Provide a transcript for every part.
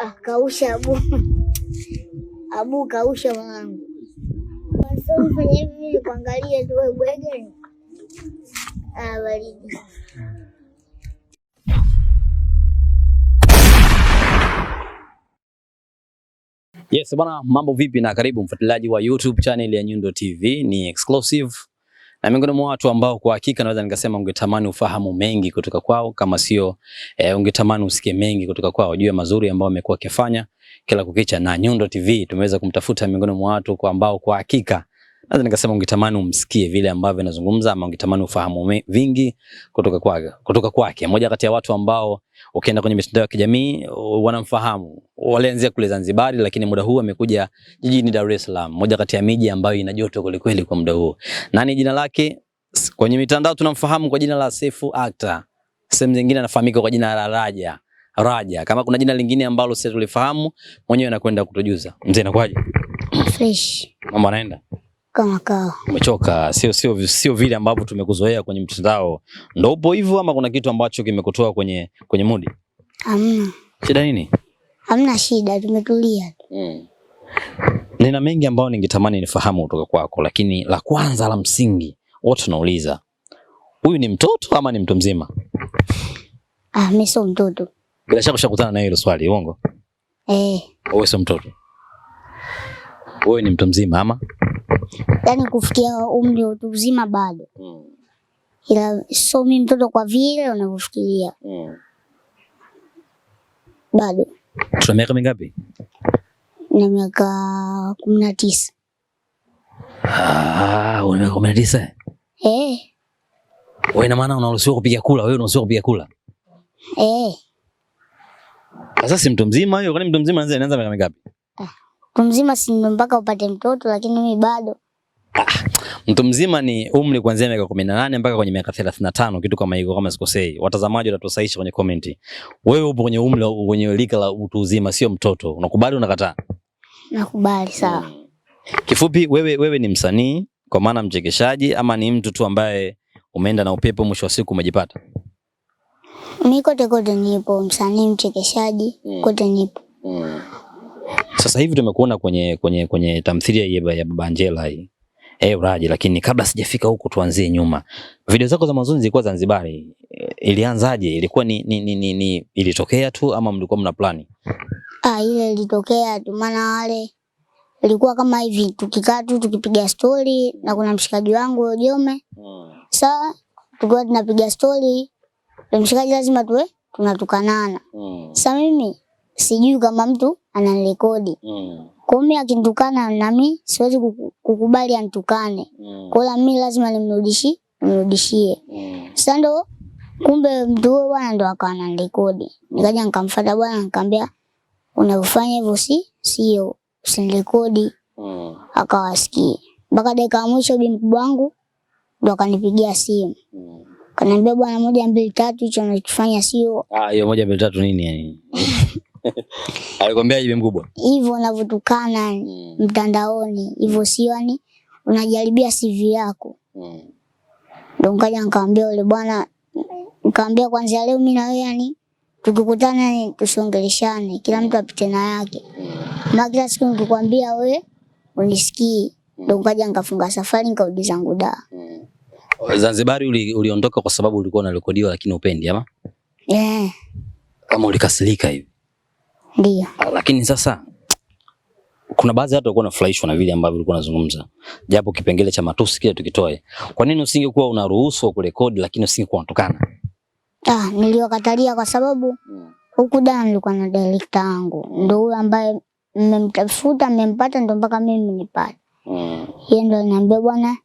Ah, kausha Abu. Abu kausha mwanangu. fanya hivi kuangalia tu ah, baridi. Yes, bwana mambo vipi na karibu mfuatiliaji wa YouTube channel ya Nyundo TV. Ni exclusive na miongoni mwa watu ambao kwa hakika naweza nikasema ungetamani ufahamu mengi kutoka kwao, kama sio e, ungetamani usikie mengi kutoka kwao juu ya mazuri ambayo amekuwa akifanya kila kukicha. Na Nyundo TV tumeweza kumtafuta miongoni mwa watu kwa ambao kwa hakika Naweza nikasema ungetamani umsikie vile ambavyo anazungumza ama ungetamani ufahamu vingi kutoka kwake. Kutoka kwake, mmoja kati ya watu ambao ukienda kwenye mitandao ya kijamii wanamfahamu. Walianzia kule Zanzibar, lakini muda huu amekuja jijini Dar es Salaam, moja kati ya miji ambayo ina joto kweli kwa muda huu. Nani jina lake? Kwenye mitandao tunamfahamu kwa jina la Sefu Actor. Sehemu zingine anafahamika kwa jina la Raja. Raja, kama kuna jina lingine ambalo sisi tulifahamu, mwenyewe anakwenda kutujuza. Mzee, inakwaje? Fresh. Mambo yanaenda? kama kawa. Umechoka, sio sio sio vile ambavyo tumekuzoea kwenye mtandao. Ndio upo hivyo ama kuna kitu ambacho kimekutoa kwenye kwenye mudi? Hamna. Shida nini? Hamna shida, tumetulia. Mm. Nina mengi ambayo ningetamani nifahamu kutoka kwako, lakini la kwanza la msingi wote tunauliza. Huyu ni mtoto ama ni mtu mzima? Ah, mimi sio mtoto. Bila shaka ushakutana na hilo swali, uongo? Eh. Wewe sio mtoto. Wewe ni mtu mzima ama? yani kufikia umri wa uzima bado, mm. ila so mi mtoto kwa vile unavyofikiria mm. bado. Tuna miaka mingapi? Na miaka kumi na tisa. Ah, una miaka kumi na tisa? Eh. Wewe ina maana unaruhusiwa kupiga kula, wewe unaruhusiwa kupiga kula? Eh. Sasa si mtu mzima hiyo, kwani mtu mzima anaanza miaka mingapi? Ah, mtu mzima si mpaka upate mtoto, lakini mimi bado Ah, mtu mzima ni umri kuanzia miaka kumi na nane mpaka kwenye miaka thelathini na tano kitu kama hiyo, kama sikosei. Watazamaji watatusaisha kwenye komenti. Wewe upo kwenye umri kwenye lika la utu uzima, sio mtoto. Unakubali unakataa? Nakubali. Sawa. Hmm. Kifupi, wewe wewe ni msanii kwa maana mchekeshaji, ama ni mtu tu ambaye umeenda na upepo, mwisho wa siku umejipata? Mimi kote kote nipo, msanii, mchekeshaji, hmm. kote nipo. Hmm. Sasa hivi tumekuona kwenye kwenye kwenye tamthilia ya Baba Angela hii eh, uraje. Lakini kabla sijafika huko, tuanzie nyuma. Video zako za mwanzo zilikuwa Zanzibar, eh, ilianzaje? Ilikuwa ni, ni, ni, ni, ni ilitokea tu ama mlikuwa mna plani? Ah, ile ilitokea tu, maana wale ilikuwa kama hivi, tukikaa tu tukipiga stori na kuna mshikaji wangu Jome. Hmm. Sawa, tukiwa tunapiga stori, mshikaji lazima tuwe tunatukanana. Hmm. Sasa mimi sijui kama mtu ananirekodi mm. Kwa mimi akintukana nami siwezi kukubali antukane mm. Kwa hiyo mimi lazima nimrudishi nimrudishie mm. Sasa ndo kumbe mtu huyo bwana ndo akawa ananirekodi, nikaja nikamfuata bwana nikamwambia, unavyofanya hivyo si sio, usinirekodi mm. Akawasikia mpaka dakika ya mwisho bi mkubwa wangu ndo akanipigia simu mm. Kaniambia bwana, moja mbili tatu, hicho unachofanya sio. Ah, hiyo moja mbili tatu nini yani? Alikwambia bibi mkubwa hivyo unavyotukana mtandaoni hivyo, sio yani unajaribia CV yako mm. Ndio nikaja nikamwambia yule bwana, nikamwambia kwanza leo mimi na wewe yani tukikutana ni tusongeleshane, kila mtu apite na yake, mm. na kila siku nikikwambia wewe unisikii. Mm. Ndio nikaja nikafunga safari nikarudi zangu da mm. Zanzibar uliondoka kwa sababu ulikuwa unarekodiwa lakini upendi ama? Eh. Yeah. Kama ulikasirika hivi ndio. Lakini sasa kuna baadhi ya watu walikuwa wanafurahishwa na vile ambavyo ulikuwa unazungumza, japo kipengele cha matusi kile tukitoe. Kwa nini usingekuwa unaruhusu kurekodi, lakini usingekuwa unatukana? Ah, niliwakatalia kwa sababu huku dana nilikuwa na director wangu, ndio huyo ambaye mmemtafuta mmempata, ndio mpaka mimi nipate mm. Yeye ndio ananiambia bwana,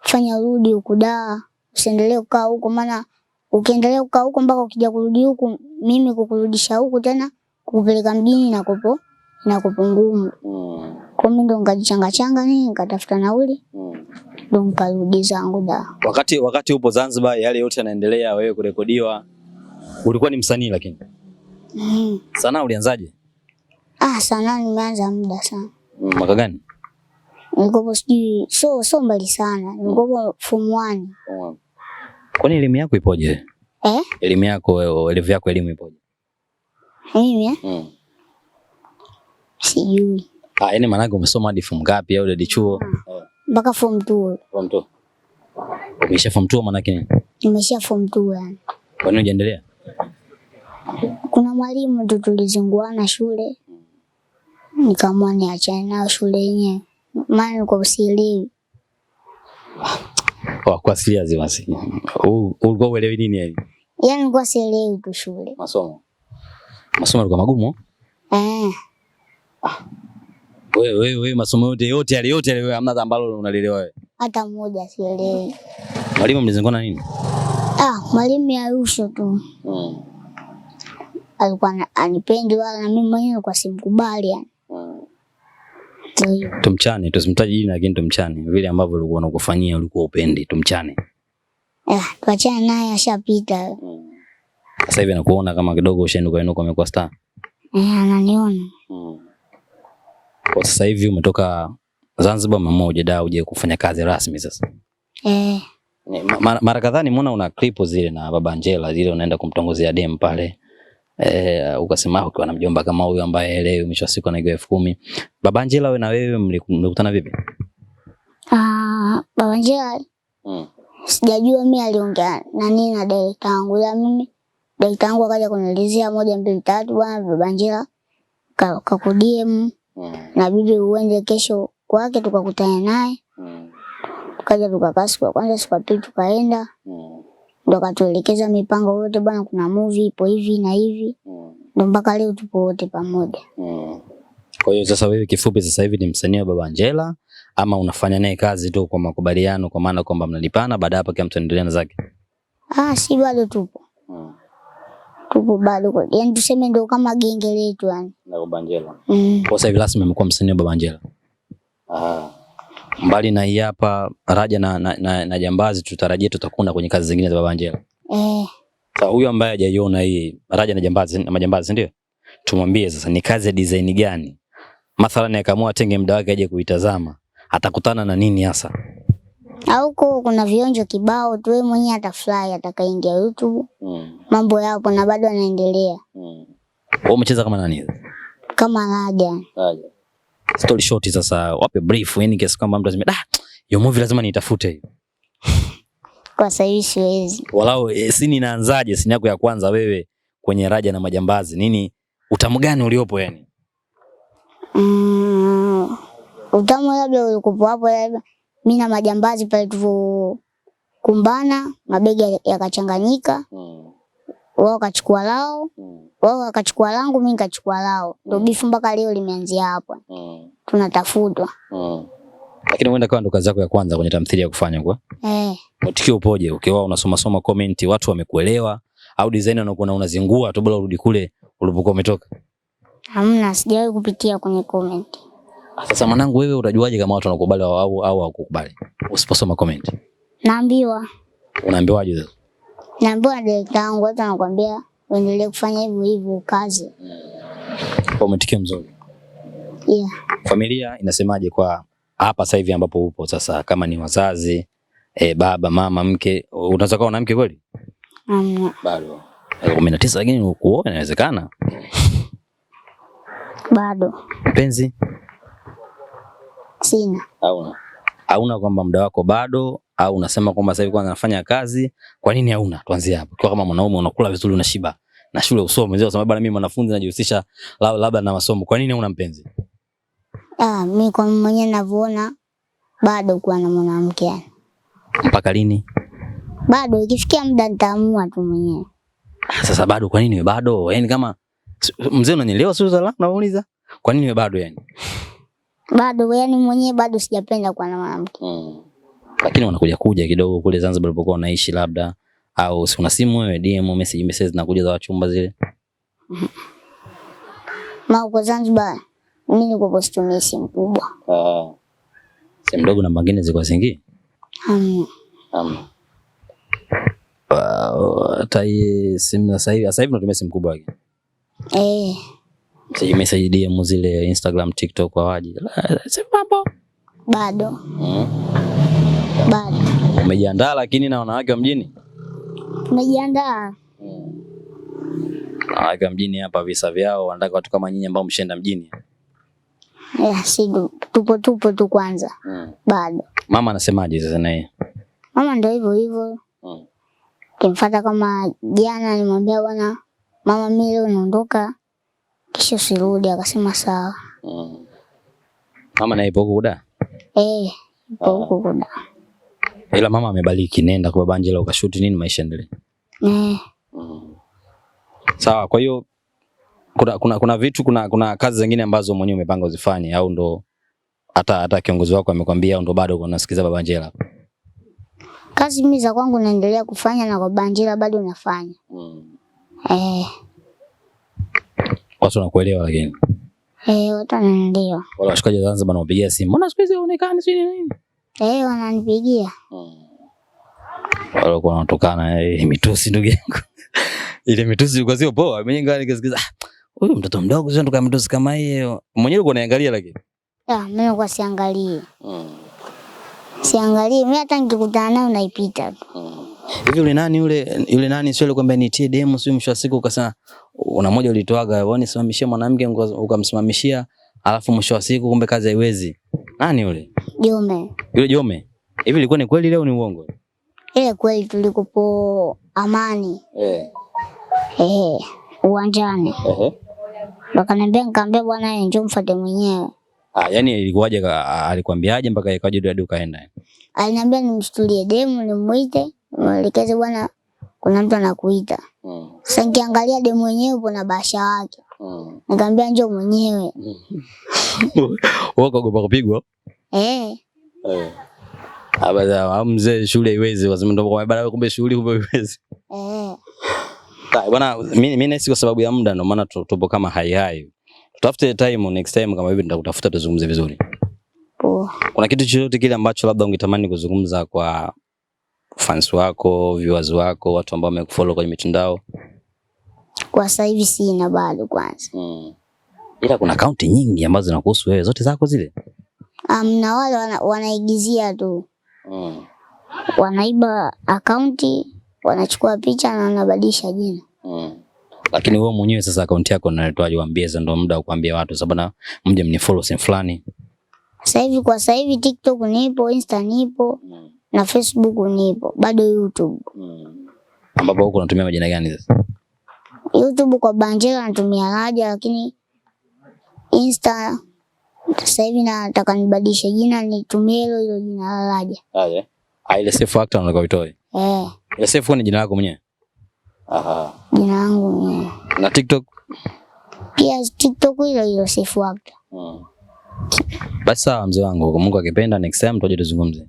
fanya rudi huku da, usiendelee kukaa huko, maana ukiendelea kukaa huko mpaka ukija kurudi huku, mimi kukurudisha huku tena kupeleka mjini nakopo nakopo ngumu mm. Kwa mimi ndo ngajichanga changa nini nikatafuta nauli ndo mm. Nikarudi zangu da. Wakati wakati upo Zanzibar, yale yote yanaendelea, wewe kurekodiwa, ulikuwa ni msanii lakini mm. Sanaa ulianzaje? Ah, sanaa nimeanza muda sana. Mm, mwaka gani? Nilikuwa sijui so so mbali sana. nikopo form 1. Kwani elimu yako ipoje? Eh? Elimu yako, elimu yako elimu ipoje? Hivyo eh? mm. Sijui. Ah, yani maanake umesoma hadi form ngapi au hadi chuo? Ah. Mpaka ah. form 2. Form 2. Umesha form 2 maanake nini? Umesha form 2 yani. Kwa nini hujaendelea? Kuna mwalimu tu tulizunguana shule. Nikaamua niachane nayo shule yenyewe. Maana nilikuwa usielewi. Kwa oh, kwa serious basi. Ulikuwa uelewi nini yani? Yaani nilikuwa sielewi tu shule. Masomo. Masomo yalikuwa magumu. Eh. Mm. Ah. Wewe wewe wewe masomo yote yote yale yote yale hamna hata ambalo unalielewa wewe. Hata mmoja sielewi. Mwalimu mlizungona nini? Ah, mwalimu ya Yarusho tu. Mm. Alikuwa anipendi wala na mimi mwenyewe kwa simkubali yani. Mm. Tumchane, tusimtaji jina lakini tumchane. Vile ambavyo ulikuwa unakufanyia ulikuwa upendi, tumchane. Eh, tuachane naye ashapita. Mm. Sasa hivi nakuona kama kidogo ushainuka inuka umekuwa star. Eh, ananiona. Kwa sasa hivi umetoka Zanzibar mama uje da uje kufanya kazi rasmi sasa. Eh. Mara, mara kadhaa nimeona una clip zile na baba Angela zile unaenda kumtongozea dem pale. Eh, ukasema ukiwa na mjomba kama huyu ambaye elewi mwisho siku na elfu kumi. Baba Angela wewe na wewe mlikutana vipi? Ah, baba Angela. Mm. Sijajua mimi aliongea na nini na dereka wangu ila mimi dakika yangu akaja kunilizia moja mbili tatu, bwana baba Njila kakudm ka mm. nabidi uende kesho kwake, tukakutana naye mm. tukaja tukakaa siku ya kwanza, siku ya pili tukaenda, mm. ndo katuelekeza mipango yote, bwana kuna movie ipo hivi na hivi, ndo mpaka leo tupo wote pamoja. Kwa hiyo sasa wewe kifupi, sasa hivi ni msanii wa Baba Angela ama unafanya naye kazi tu kwa makubaliano, kwa maana kwamba mnalipana, baada hapo kila mtu anaendelea na zake? Ah, si bado tupo tupo bado kwa yani, tuseme ndio kama genge letu yani na Baba Njela. Mm. Kwa sasa rasmi amekuwa msanii Baba Ah. Mbali na hii hapa Raja na, na, na, na Jambazi tutarajia tutakuna kwenye kazi zingine za Baba Eh. Sasa huyu ambaye hajaiona hii Raja na Jambazi na Majambazi ndio? Tumwambie sasa ni kazi ya design gani? mathalani akaamua atenge muda wake aje kuitazama. Atakutana na nini hasa? Auko kuna vionjo kibao tu, wewe mwenyewe atafurahi atakaingia YouTube. Mm. Mambo yapo na bado anaendelea. Mm. Wewe umecheza kama nani? Kama Raja. Raja. Story short sasa, wape brief yani kiasi kwamba mtu azime, ah, yo movie lazima niitafute hiyo. Kwa sasa hivi siwezi. Walau e, eh, sini inaanzaje sini yako ya kwanza wewe kwenye Raja na Majambazi? Nini utamu gani uliopo yani? Mm, utamu labda ulikupo hapo labda mi na majambazi pale tulivokumbana, mabegi yakachanganyika, mm. wao kachukua lao, mm. wao wakachukua langu, mi nikachukua lao, ndo mm. bifu mpaka leo limeanzia hapo mm. tunatafutwa mm. Lakini uenda kawa ndo kazi yako ya kwanza kwenye tamthilia ya kufanya kwa eh. tukio upoje ukiwa okay, unasoma soma comment, watu wamekuelewa au design wanakuona unazingua tu bila urudi kule ulipokuwa umetoka? Hamna, sijawahi kupitia kwenye comment. Sasa mwanangu, wewe unajuaje kama watu wanakubali au au hawakukubali usiposoma comment? Naambiwa. Unaambiwaje sasa? Naambiwa direkta wangu hata anakuambia uendelee kufanya hivyo hivyo kazi. Kwa mtikio mzuri. Yeah. Familia inasemaje kwa hapa sasa hivi ambapo upo sasa, kama ni wazazi e, baba mama, mke, unaweza kuwa na mke kweli? Um, bado kumi na tisa, lakini kuoa inawezekana bado. Penzi Sina. Hauna. Hauna kwamba muda wako bado au unasema kwamba sasa hivi kwanza nafanya kazi, kwa nini hauna? Tuanzie hapo. Kwa kama mwanaume unakula vizuri unashiba na shule usome, kwa sababu bwana, mimi mwanafunzi najihusisha labda na masomo. Kwa nini hauna mpenzi? Ah, mimi kwa mwenyewe ninavyoona bado kuwa na mwanamke yani. Mpaka lini? Bado ikifikia muda nitaamua tu mwenyewe. Sasa bado kwa nini bado? Yaani kama mzee unanielewa sio za la nauliza. Kwa nini bado yani? bado, yani mwenyewe bado sijapenda kuwa na mwanamke mm. Lakini wanakuja kuja kidogo kule Zanzibar ulipokuwa unaishi labda, au si una simu wewe, DM message message zinakuja za wachumba zile uko Zanzibar? Mimi niko postume simu kubwa ah, simu ndogo na mangine ziko zingi um. um. Wow, hata hii simu sasa hivi sasa hivi natumia simu kubwa eh Sijui message DM zile Instagram, TikTok waje. Mambo bado. Hmm. Bado. Umejiandaa lakini na wanawake wa mjini? Umejiandaa. Hmm. Wanawake wa mjini hapa visa vyao wanataka watu kama nyinyi ambao mshenda mjini. Yeah, si tupo tupo tu kwanza. Hmm. Bado. Mama anasemaje sasa na yeye? Mama ndio hivyo hivyo. Hmm. Kimfuata kama jana, nimwambia bwana mama, mimi leo naondoka hmm. Kisha sirudi, akasema sawa. Mm. Mama naye ipo kuda? Eh, ipo ah. kuda. Ila mama amebariki, nenda kwa baba Angela ukashuti nini, maisha endelee. Eh. Mm. Sawa, kwa hiyo kuna, kuna, kuna vitu kuna, kuna kazi zingine ambazo mwenyewe umepanga uzifanye au ndo hata hata kiongozi wako amekwambia au ndo bado unasikiza baba Angela? Kazi mimi za kwangu naendelea kufanya na baba Angela bado nafanya. Mm. Eh. Watu wanakuelewa lakini. Eh, watu wananielewa. Wale washikaji wa Zanzibar wanaopigia simu. Mbona siku hizi haonekani sio nini? Eh, wananipigia. Hmm. Wale kuna kutokana eh, mitusi ndugu yangu. Ile mitusi ilikuwa sio poa. Mimi ingawa nikisikiza ah, huyu mtoto mdogo sio ndoka mitusi kama hiyo. Mwenyewe uko unaangalia lakini. Ah, mimi kwa siangalie. Mm. Siangalie, mimi hata nikikutana naye unaipita tu. Hivi yule nani yule yule nani sio yule kwamba nitie demo sio mwisho wa siku ukasema una moja ulitoaga wewe nisimamishie mwanamke ukamsimamishia, alafu mwisho wa siku kumbe kazi haiwezi. Nani yule? Jome. Yule Jome. Hivi ilikuwa ni kweli leo ni uongo? Eh, kweli tulikupo Amani. Eh. Eh, uwanjani. Eh. Wakaniambia nikamwambia bwana yeye njoo mfuate mwenyewe. Ah, yani ilikuwaje alikwambiaje mpaka ikaje ndio duka aenda? Aliniambia nimshtulie demu nimuite, mwelekeze bwana kuna mtu anakuita. Mm. Sasa nikiangalia demu wenyewe na basha wake. Mm. Nikamwambia njoo mwenyewe. Wewe ukaogopa kupigwa? Eh. Eh. Aba za mzee shule iweze kwa sababu ndio kwa baada kumbe shule kumbe iweze. Eh. Sawa bwana mimi mimi kwa sababu ya muda ndio maana tupo kama hai hai. Tutafute time next time kama hivi nitakutafuta tuzungumze vizuri. Poa. Kuna kitu chochote kile ambacho labda ungetamani kuzungumza kwa fans wako, viewers wako, watu ambao wamekufollow kwenye mitandao? Kwa sasa hivi sina bado kwanza. Mm. Ila kuna kaunti nyingi ambazo zinakuhusu wewe, zote zako zile? Um, na wale wana, wanaigizia tu. Mm. Wanaiba akaunti, wanachukua picha na wanabadilisha jina. Mm. Lakini wewe mwenyewe sasa akaunti yako unaitwaje? Waambie, ndio muda wa kuambia watu sababu na mje mnifollow sehemu fulani. Sasa hivi kwa sasa hivi TikTok nipo, Insta nipo mm. na Facebook nipo, bado YouTube. Mm. Ambapo huko unatumia majina gani sasa? YouTube kwa banjera natumia Raja, lakini Insta sasa hivi nataka nibadilishe jina nitumie hilo hilo jina la Raja. Aje. Ah, ile safe Actor unataka uitoe? Eh. Ile safe ni jina lako mwenyewe? Aha. Jina langu mwenyewe. Na TikTok? Pia TikTok hilo hilo safe Actor. Mm. Basi sawa mzee wangu, kwa Mungu akipenda next time tuje tuzungumze.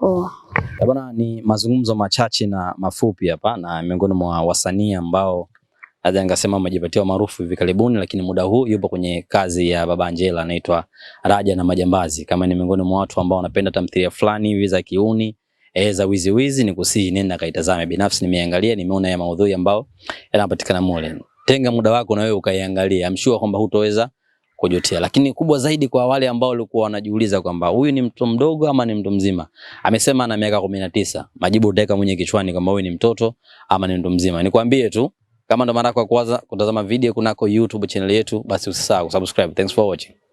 Oh. Bwana, ni mazungumzo machache na mafupi hapa na miongoni mwa wasanii ambao Aidha ngasema amejipatia maarufu hivi karibuni, lakini muda huu yupo kwenye kazi ya Baba Angela anaitwa Raja na Majambazi. Kama ni miongoni mwa watu ambao wanapenda tamthilia fulani hivi za kiuni e, za wizi wizi, nikusihi nenda kaitazame. Binafsi nimeangalia, nimeona ya maudhui ambao yanapatikana mule. Tenga muda wako na wewe ukaiangalia, amshua kwamba hutoweza kujutia. Lakini kubwa zaidi kwa wale ambao walikuwa wanajiuliza kwamba huyu ni mtoto mdogo ama ni mtu mzima. Amesema ana miaka 19. Majibu utaweka mwenye kichwani kwamba huyu ni mtoto ama ni mtu mzima. Nikwambie tu kama ndo mara yako ya kwanza kutazama video kunako YouTube channel yetu, basi usisahau kusubscribe. Thanks for watching.